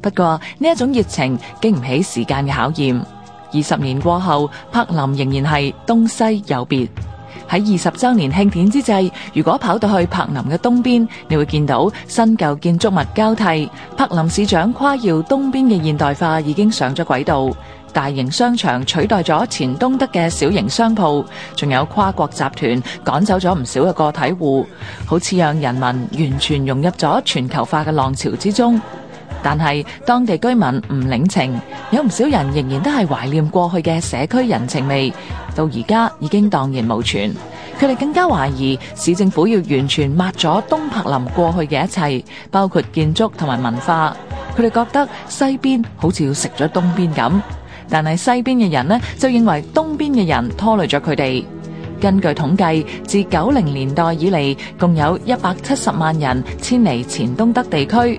不過呢一種熱情經唔起時間嘅考驗，二十年過後，柏林仍然係東西有別。喺二十周年慶典之際，如果跑到去柏林嘅東邊，你會見到新舊建築物交替。柏林市長誇耀東邊嘅現代化已經上咗軌道，大型商場取代咗前東德嘅小型商鋪，仲有跨國集團趕走咗唔少嘅個體戶，好似讓人民完全融入咗全球化嘅浪潮之中。但係，當地居民唔領情，有唔少人仍然都係懷念過去嘅社區人情味。到而家已經蕩然無存。佢哋更加懷疑市政府要完全抹咗東柏林過去嘅一切，包括建築同埋文化。佢哋覺得西邊好似要食咗東邊咁，但係西邊嘅人呢就認為東邊嘅人拖累咗佢哋。根據統計，自九零年代以嚟，共有一百七十萬人遷離前東德地區。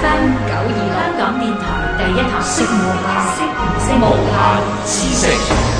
FM 九二香港電台第一台，識無限，識無限知識。